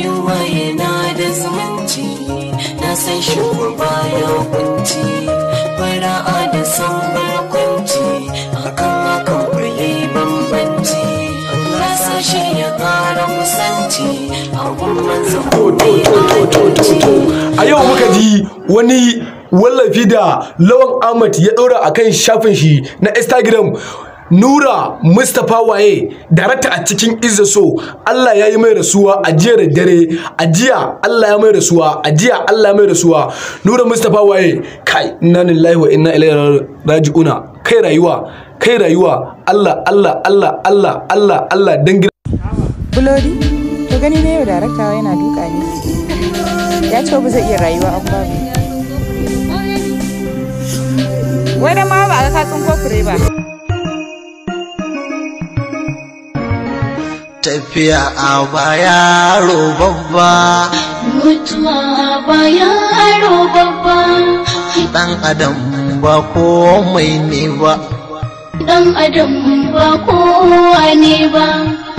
rayuwa yana da zumunci na san shugaba ya kunci fara'a da son barkwanci akan akan kurye bambanci Allah sashe ya kara kusanci a gumman zumunci a yau muka ji wani wallafi da lawan ahmad ya ɗora a kan shafin shi na instagram Nura Mustapha Waye darata a cikin izaso Allah ya yi mai rasuwa a jiya da dare a jiya Allah ya mai rasuwa a jiya Allah ya mai rasuwa Nura Mustapha Waye kai inna lillahi wa inna ilaihi raji'una kai rayuwa kai rayuwa Allah Allah Allah Allah Allah Allah dan Bulodi to gani ne yau darakta yana duka ne ya ce ba zai iya rayuwa an babu wani ma ba ka tsinko fure ba tafiya a baya babba mutuwa a baya babba dan adam ba komai ne ba dan adam ba kowa ne ba